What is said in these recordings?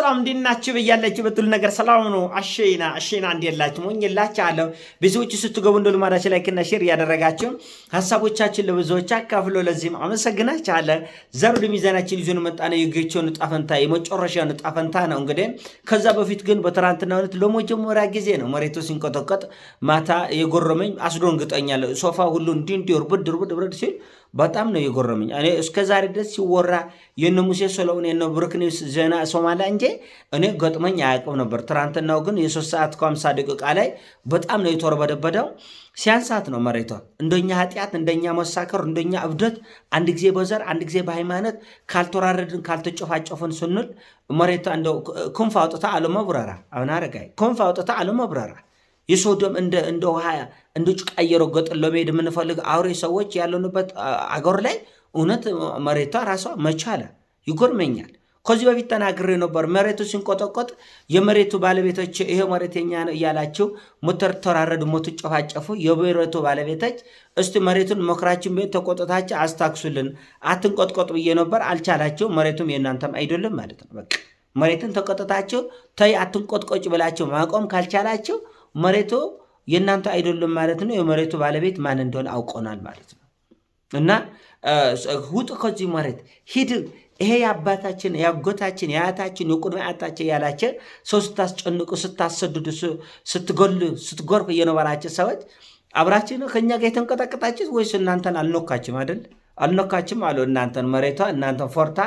ሰላም እንዲናችሁ በያላችሁ በትል ነገር ሰላም ነው። አሸይና አሸይና እንዲላችሁ ሞኝላችሁ አለ ብዙዎች ስትገቡ እንደ ልማዳችሁ ላይክና ሼር እያደረጋችሁ ሀሳቦቻችን ለብዙዎች አካፍሎ ለዚህም አመሰግናችሁ አለ ዘሩድ ሚዛናችን ይዞን መጣነ የጌቾን ዕጣ የመጨረሻውን ዕጣ ነው። እንግዲህ ከዛ በፊት ግን በትናንትናው ዕለት ለመጀመሪያ ጊዜ ነው መሬቱ ሲንቆጠቆጥ ማታ የጎረመኝ አስደንግጦኛል። ሶፋ ሁሉ እንዲህ እንዲህ እርብድ እርብድ እርብድ ሲል በጣም ነው የጎረመኝ። እኔ እስከ ዛሬ ድረስ ሲወራ የነ ሙሴ ሰለሞን የነ ብሩክ ኒውስ ዜና ሶማሊያ እንጂ እኔ ገጥመኝ አያውቅም ነበር። ትናንትናው ግን የሶስት ሰዓት ከአምሳ ደቂቃ ላይ በጣም ነው የተወርበደበደው። ሲያንሳት ነው መሬቷ። እንደኛ ኃጢአት፣ እንደኛ መሳከር፣ እንደኛ እብደት አንድ ጊዜ በዘር አንድ ጊዜ በሃይማኖት ካልተወራረድን ካልተጨፋጨፍን ስንል መሬቷ እንደ ክንፍ አውጥታ አለመብረራ አሁን አረጋይ ክንፍ አውጥታ አለመብረራ የሶዶም እንደ ውሃ እንደ ቀየሮ እየረገጥን ለመሄድ የምንፈልግ አውሬ ሰዎች ያለንበት አገር ላይ እውነት መሬቷ ራሷ መቻለ ይጎርመኛል። ከዚህ በፊት ተናግሬ ነበር። መሬቱ ሲንቆጠቆጥ የመሬቱ ባለቤቶች ይሄ መሬት የኛ ነው እያላችሁ ምትተራረዱ፣ ምትጨፋጨፉ የመሬቱ ባለቤቶች እስቲ መሬቱን ሞክራችን ቤት ተቆጥታችሁ አስታክሱልን፣ አትንቆጥቆጥ ብዬ ነበር። አልቻላቸው። መሬቱም የእናንተም አይደለም ማለት ነው። በቃ መሬትን ተቆጥታችሁ ተይ አትንቆጥቆጭ ብላችሁ ማቆም ካልቻላችሁ መሬቱ የእናንተ አይደሉም ማለት ነው። የመሬቱ ባለቤት ማን እንደሆነ አውቀናል ማለት ነው። እና ውጡ ከዚህ መሬት ሂድ፣ ይሄ የአባታችን የአጎታችን የአያታችን የቁድመ አያታችን ያላቸ ሰው ስታስጨንቁ፣ ስታሰድዱ፣ ስትጎል ስትጎርፍ እየነበራቸው ሰዎች አብራችን ከእኛ ጋር የተንቀጠቀጣችሁ ወይስ እናንተን አልነካችም አይደል? አልነካችም አሉ። እናንተን መሬቷ እናንተን ፎርታ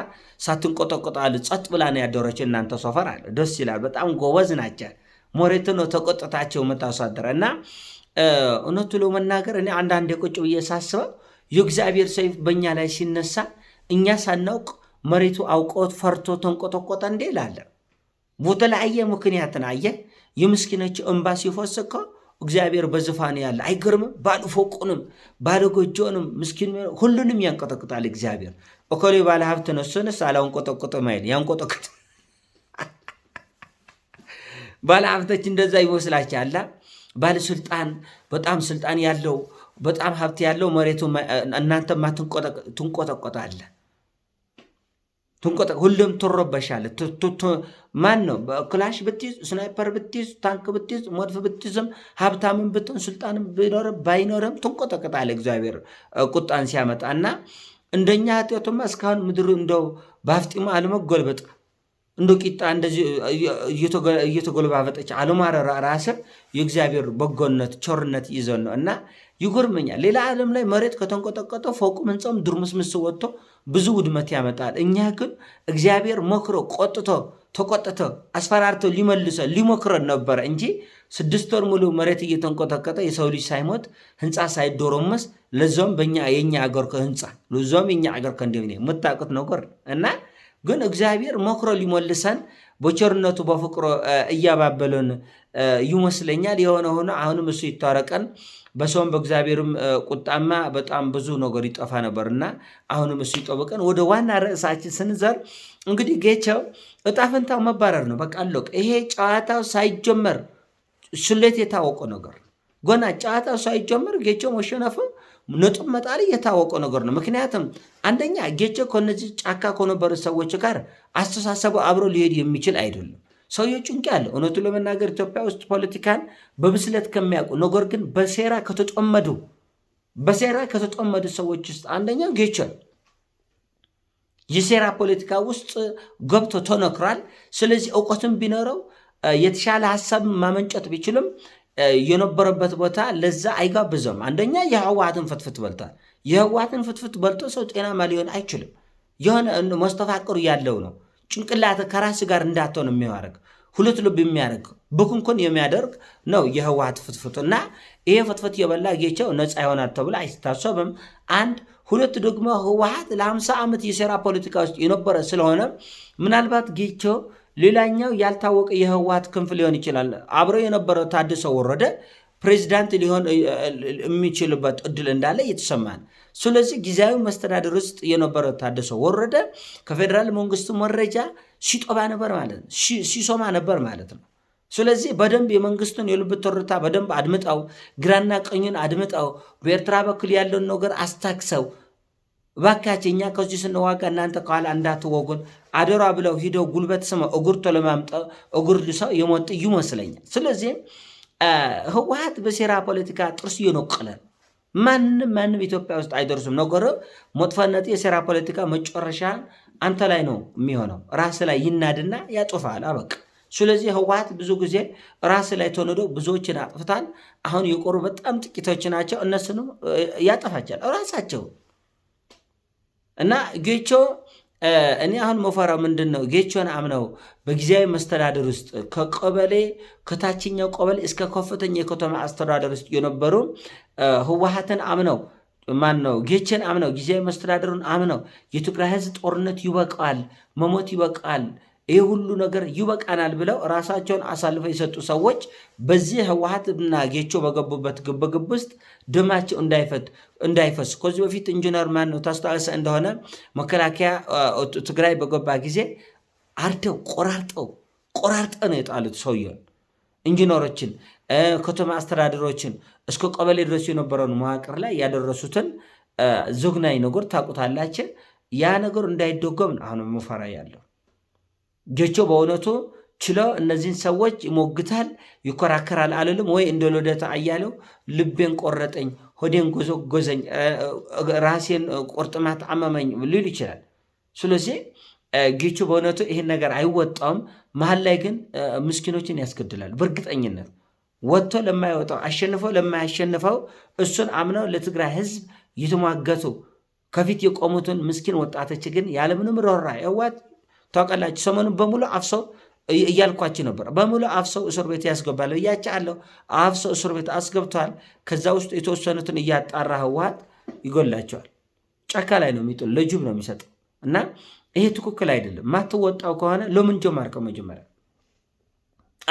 ሳትንቆጠቆጣሉ ጸጥ ብላ ነው ያደረችው። እናንተ ሶፈር አለ ደስ ይላል። በጣም ጎበዝ ናቸው። ሞሬት ነው ተቆጥታቸው መታሳደረ እና እውነቱ ለመናገር እኔ አንዳንድ የቆጭ ብዬ ሳስበው የእግዚአብሔር ሰይፍ በእኛ ላይ ሲነሳ እኛ ሳናውቅ መሬቱ አውቆት ፈርቶ ተንቆጠቆጠ እንዴ ላለን በተለያየ ምክንያትን አየ የምስኪኖች እንባ ሲፈስ እኮ እግዚአብሔር በዙፋኑ ያለ አይገርምም? ባለ ፎቁንም ባለ ጎጆንም ምስኪን ሁሉንም ያንቆጠቁጣል እግዚአብሔር። እኮሌ ባለ ሀብት ነሱንስ አላንቆጠቁጥም አይል ያንቆጠቁጥ ባለ ሀብቶች እንደዛ ይመስላችኋል። ባለስልጣን በጣም ስልጣን ያለው በጣም ሀብት ያለው መሬቱ እናንተ ማ ትንቆጠቆጣለ ትንቆጠ ሁሉም ትረበሻለ። ማን ነው ክላሽ ብትይዝ ስናይፐር ብትይዝ ታንክ ብትይዝ መድፍ ብትይዝም ሀብታምን ብትን ስልጣንም ቢኖርም ባይኖርም ትንቆጠቆጣለ። እግዚአብሔር ቁጣን ሲያመጣ እና እንደኛ ኃጢአቱማ እስካሁን ምድር እንደው በአፍጢሙ አለመጎልበጥ እንደ ቂጣ እንደዚህ እየተጎለባበጠች አለማረር ራሰ የእግዚአብሔር በጎነት ቸርነት ይዘን ነው እና ይጎርመኛል። ሌላ ዓለም ላይ መሬት ከተንቆጠቆጠ ፎቁ ሕንፃውም ድርምስምስ ወጥቶ ብዙ ውድመት ያመጣል። እኛ ግን እግዚአብሔር መክሮ ቆጥቶ ተቆጥቶ አስፈራርቶ ሊመልሰ ሊሞክረን ነበረ እንጂ ስድስት ወር ሙሉ መሬት እየተንቆጠቀጠ የሰው ልጅ ሳይሞት ህንፃ ሳይዶረመስ ለዞም በኛ የኛ አገር ህንፃ ለዞም የኛ አገር ከንደሚ የምታውቁት ነገር እና ግን እግዚአብሔር መክሮ ሊሞልሰን በቸርነቱ በፍቅሮ እያባበለን ይመስለኛል። የሆነ ሆኖ አሁንም እሱ ይታረቀን። በሰውም በእግዚአብሔርም ቁጣማ በጣም ብዙ ነገር ይጠፋ ነበርና አሁንም እሱ ይጠብቀን። ወደ ዋና ርዕሳችን ስንዘር እንግዲህ ጌቸው እጣ ፈንታው መባረር ነው። በቃ አለቀ። ይሄ ጨዋታው ሳይጀመር ስሌት የታወቀ ነገር ገና ጨዋታው ሳይጀመር ጌቸው መሸነፈ ነጥብ መጣል የታወቀው ነገር ነው። ምክንያቱም አንደኛ ጌቸ ከነዚህ ጫካ ከነበሩ ሰዎች ጋር አስተሳሰቡ አብሮ ሊሄድ የሚችል አይደለም። ሰውየው ጭንቅ ያለ እውነቱ ለመናገር ኢትዮጵያ ውስጥ ፖለቲካን በብስለት ከሚያውቁ ነገር ግን በሴራ ከተጠመዱ በሴራ ከተጠመዱ ሰዎች ውስጥ አንደኛው ጌቸ የሴራ ፖለቲካ ውስጥ ገብቶ ተነክሯል። ስለዚህ እውቀትም ቢኖረው የተሻለ ሀሳብ ማመንጨት ቢችልም የነበረበት ቦታ ለዛ አይጋብዘም። አንደኛ የህወሓትን ፍትፍት በልቷል። የህወሓትን ፍትፍት በልቶ ሰው ጤናማ ሊሆን አይችልም። የሆነ መስተፋቅሩ ያለው ነው። ጭንቅላት ከራስ ጋር እንዳትሆን የሚያደርግ ሁለት ልብ የሚያደርግ ብኩንኩን የሚያደርግ ነው የህወሓት ፍትፍት እና ይሄ ፍትፍት የበላ ጌቸው ነፃ ይሆናል ተብሎ አይታሰብም። አንድ ሁለት ደግሞ ህወሓት ለሃምሳ ዓመት የሴራ ፖለቲካ ውስጥ የነበረ ስለሆነ ምናልባት ጌቸው ሌላኛው ያልታወቀ የህወሓት ክንፍ ሊሆን ይችላል። አብሮ የነበረው ታደሰ ወረደ ፕሬዚዳንት ሊሆን የሚችልበት እድል እንዳለ እየተሰማን፣ ስለዚህ ጊዜያዊ መስተዳደር ውስጥ የነበረው ታደሰ ወረደ ከፌዴራል መንግስቱ መረጃ ሲጦባ ነበር ማለት ነው፣ ሲሶማ ነበር ማለት ነው። ስለዚህ በደንብ የመንግስቱን የልብ ትርታ በደንብ አድምጠው፣ ግራና ቀኙን አድምጠው፣ በኤርትራ በኩል ያለውን ነገር አስታክሰው እባካችሁ እኛ ከዚህ ስንዋጋ እናንተ ከኋላ እንዳትወጉን አደራ ብለው ሂደው ጉልበት ስመ እጉርቶ ለማምጠው እጉር ልሰው የሞጥ ይመስለኛል። ስለዚህ ህወሓት በሴራ ፖለቲካ ጥርስ እየኖቀለ ማንም ማንም ኢትዮጵያ ውስጥ አይደርሱም። ነገር መጥፎነት የሴራ ፖለቲካ መጨረሻ አንተ ላይ ነው የሚሆነው። ራስ ላይ ይናድና ያጠፋል። አበቃ። ስለዚህ ህወሓት ብዙ ጊዜ ራስ ላይ ተንዶ ብዙዎችን አጥፍታል። አሁን የቆሩ በጣም ጥቂቶች ናቸው። እነሱንም ያጠፋቸዋል ራሳቸው እና ጌቾ እኔ አሁን መፈራ ምንድን ነው? ጌቾን አምነው በጊዜያዊ መስተዳደር ውስጥ ከቀበሌ ከታችኛው ቀበሌ እስከ ከፍተኛ የከተማ አስተዳደር ውስጥ የነበሩ ህወሓትን አምነው ማን ነው ጌቸን አምነው ጊዜያዊ መስተዳደሩን አምነው የትግራይ ህዝብ ጦርነት ይበቃል፣ መሞት ይበቃል ይህ ሁሉ ነገር ይበቃናል ብለው ራሳቸውን አሳልፈው የሰጡ ሰዎች በዚህ ህወሓትና ጌቾ በገቡበት ግብግብ ውስጥ ደማቸው እንዳይፈስ ከዚህ በፊት ኢንጂነር ማን ነው ታስታወሰ እንደሆነ መከላከያ ትግራይ በገባ ጊዜ አርደው ቆራርጠው ቆራርጠ ነው የጣሉት ሰውየውን፣ ኢንጂነሮችን፣ ከተማ አስተዳደሮችን እስከ ቀበሌ ድረስ የነበረውን መዋቅር ላይ ያደረሱትን ዘግናኝ ነገር ታውቁታላችሁ። ያ ነገር እንዳይደጎም አሁን መፈራ ያለው። ጌቾ በእውነቱ ችሎ እነዚህን ሰዎች ይሞግታል፣ ይኮራከራል አልልም ወይ እንደ ልደቱ አያሌው ልቤን ቆረጠኝ፣ ሆዴን ጎዘጎዘኝ፣ ራሴን ቁርጥማት አመመኝ ሊል ይችላል። ስለዚህ ጌቾ በእውነቱ ይህን ነገር አይወጣውም። መሀል ላይ ግን ምስኪኖችን ያስገድላል በእርግጠኝነት ወጥቶ ለማይወጣው አሸንፎ ለማያሸንፈው እሱን አምነው ለትግራይ ህዝብ የተሟገቱ ከፊት የቆሙትን ምስኪን ወጣቶች ግን ያለምንም ሮራ የዋት ታውቃላችሁ። ሰሞኑን በሙሉ አፍሰው እያልኳችሁ ነበር። በሙሉ አፍሰው እስር ቤት ያስገባል ብያችኋለሁ። አፍሰው እስር ቤት አስገብተዋል። ከዛ ውስጥ የተወሰኑትን እያጣራ ህወሓት ይጎላቸዋል። ጫካ ላይ ነው የሚጥል፣ ለጅብ ነው የሚሰጠው። እና ይሄ ትክክል አይደለም። ማትወጣው ከሆነ ለምን ጀመርከው መጀመሪያ?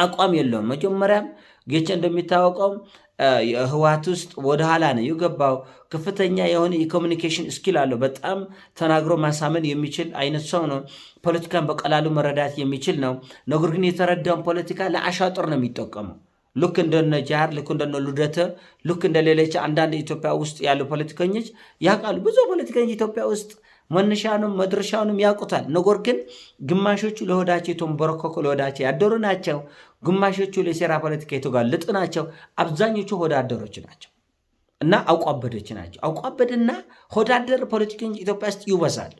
አቋም የለውም። መጀመሪያም ጌቸ እንደሚታወቀው ህወሓት ውስጥ ወደ ኋላ ነው የገባው። ከፍተኛ የሆነ የኮሚኒኬሽን ስኪል አለው። በጣም ተናግሮ ማሳመን የሚችል አይነት ሰው ነው። ፖለቲካን በቀላሉ መረዳት የሚችል ነው። ነገር ግን የተረዳውን ፖለቲካ ለአሻጥር ነው የሚጠቀመው። ልክ እንደነ ጃር፣ ልክ እንደነ ሉደተ፣ ልክ እንደሌለች አንዳንድ ኢትዮጵያ ውስጥ ያሉ ፖለቲከኞች ያውቃሉ። ብዙ ፖለቲከኞች ኢትዮጵያ ውስጥ መነሻኑም መድረሻውንም ያውቁታል። ነገር ግን ግማሾቹ ለሆዳቸው የተንበረከኩ ለሆዳቸው ያደሩ ናቸው። ግማሾቹ ለሴራ ፖለቲካ የተጋለጡ ናቸው። አብዛኞቹ ሆዳደሮች ናቸው እና አውቋበዶች ናቸው። አውቋበድና ሆዳደር ፖለቲከኞች ኢትዮጵያ ውስጥ ይወዛል።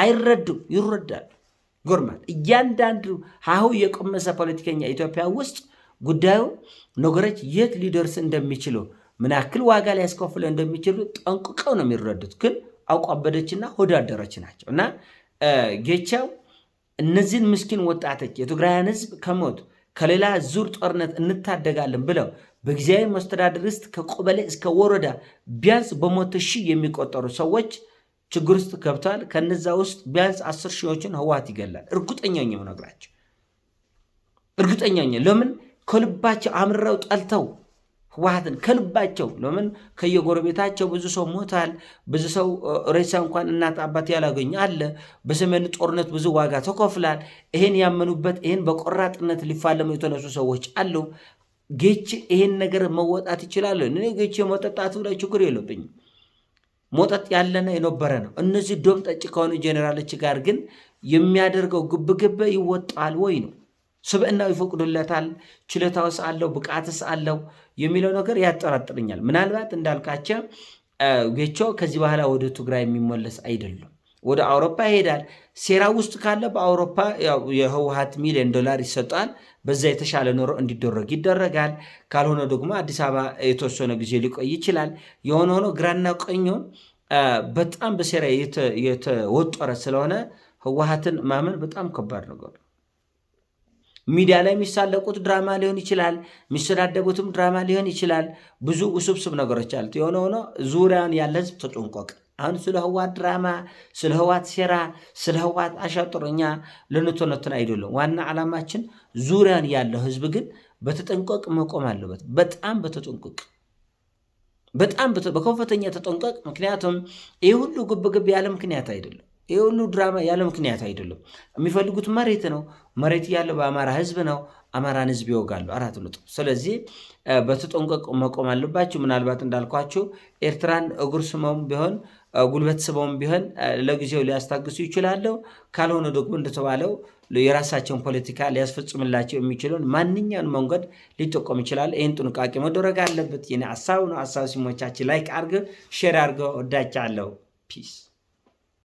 አይረዱም፣ ይረዳሉ። ጎርማል እያንዳንዱ ሀሁ የቆመሰ ፖለቲከኛ ኢትዮጵያ ውስጥ ጉዳዩ ነገሮች የት ሊደርስ እንደሚችሉ ምን ያክል ዋጋ ሊያስከፍለ እንደሚችሉ ጠንቅቀው ነው የሚረዱት ግን አውቋበደችና ሆዳደረች ናቸው እና ጌቻው እነዚህን ምስኪን ወጣቶች የትግራይን ህዝብ ከሞት ከሌላ ዙር ጦርነት እንታደጋለን ብለው በጊዜያዊ መስተዳድር ውስጥ ከቆበሌ እስከ ወረዳ ቢያንስ በመቶ ሺህ የሚቆጠሩ ሰዎች ችግር ውስጥ ገብተዋል። ከነዛ ውስጥ ቢያንስ አስር ሺዎችን ህወሓት ይገላል። እርግጠኛኛ ነግራቸው እርግጠኛኛ ለምን ከልባቸው አምርረው ጠልተው ህወሓትን ከልባቸው ለምን ከየጎረቤታቸው ብዙ ሰው ሞታል። ብዙ ሰው ሬሳ እንኳን እናት አባት ያላገኝ አለ። በሰሜኑ ጦርነት ብዙ ዋጋ ተከፍሏል። ይሄን ያመኑበት ይህን በቆራጥነት ሊፋለሙ የተነሱ ሰዎች አሉ። ጌች ይሄን ነገር መወጣት ይችላሉ። እኔ ጌች መጠጣት ላይ ችግር የለብኝ መጠጥ ያለነ የነበረ ነው። እነዚህ ዶም ጠጭ ከሆኑ ጀኔራሎች ጋር ግን የሚያደርገው ግብግብ ይወጣል ወይ ነው ስብዕናው ይፈቅዱለታል፣ ችሎታውስ አለው፣ ብቃትስ አለው የሚለው ነገር ያጠራጥርኛል። ምናልባት እንዳልካቸው ጌቾ ከዚህ በኋላ ወደ ትግራይ የሚመለስ አይደሉም። ወደ አውሮፓ ይሄዳል። ሴራ ውስጥ ካለ በአውሮፓ የህወሀት ሚሊዮን ዶላር ይሰጣል። በዛ የተሻለ ኑሮ እንዲደረግ ይደረጋል። ካልሆነ ደግሞ አዲስ አበባ የተወሰነ ጊዜ ሊቆይ ይችላል። የሆነ ሆኖ ግራና ቀኙን በጣም በሴራ የተወጠረ ስለሆነ ህወሀትን ማመን በጣም ከባድ ነገር ነው። ሚዲያ ላይ የሚሳለቁት ድራማ ሊሆን ይችላል፣ የሚሰዳደጉትም ድራማ ሊሆን ይችላል። ብዙ ውስብስብ ነገሮች አሉት። የሆነ ሆኖ ዙሪያን ያለ ህዝብ ተጨንቆቅ አሁን ስለ ህዋት ድራማ፣ ስለ ህዋት ሴራ፣ ስለ ህዋት አሻጥሮኛ ልንተነትን አይደለም። ዋና ዓላማችን ዙሪያን ያለው ህዝብ ግን በተጠንቀቅ መቆም አለበት። በጣም በተጠንቀቅ በጣም በከፍተኛ ተጠንቀቅ። ምክንያቱም ይህ ሁሉ ግብግብ ያለ ምክንያት አይደለም። ይህ ሁሉ ድራማ ያለ ምክንያት አይደለም። የሚፈልጉት መሬት ነው። መሬት ያለው በአማራ ህዝብ ነው። አማራን ህዝብ ይወጋሉ። አራት ነጥብ። ስለዚህ በተጠንቀቅ መቆም አለባቸው። ምናልባት እንዳልኳቸው ኤርትራን እግር ስመውም ቢሆን ጉልበት ስበውም ቢሆን ለጊዜው ሊያስታግሱ ይችላለው። ካልሆነ ደግሞ እንደተባለው የራሳቸውን ፖለቲካ ሊያስፈጽምላቸው የሚችለውን ማንኛውን መንገድ ሊጠቆም ይችላል። ይህን ጥንቃቄ መደረግ አለበት። የኔ ሀሳብ ነው። ሀሳብ ሲሞቻችን ላይክ አርገ ሼር አርገ ወዳቻ አለው ፒስ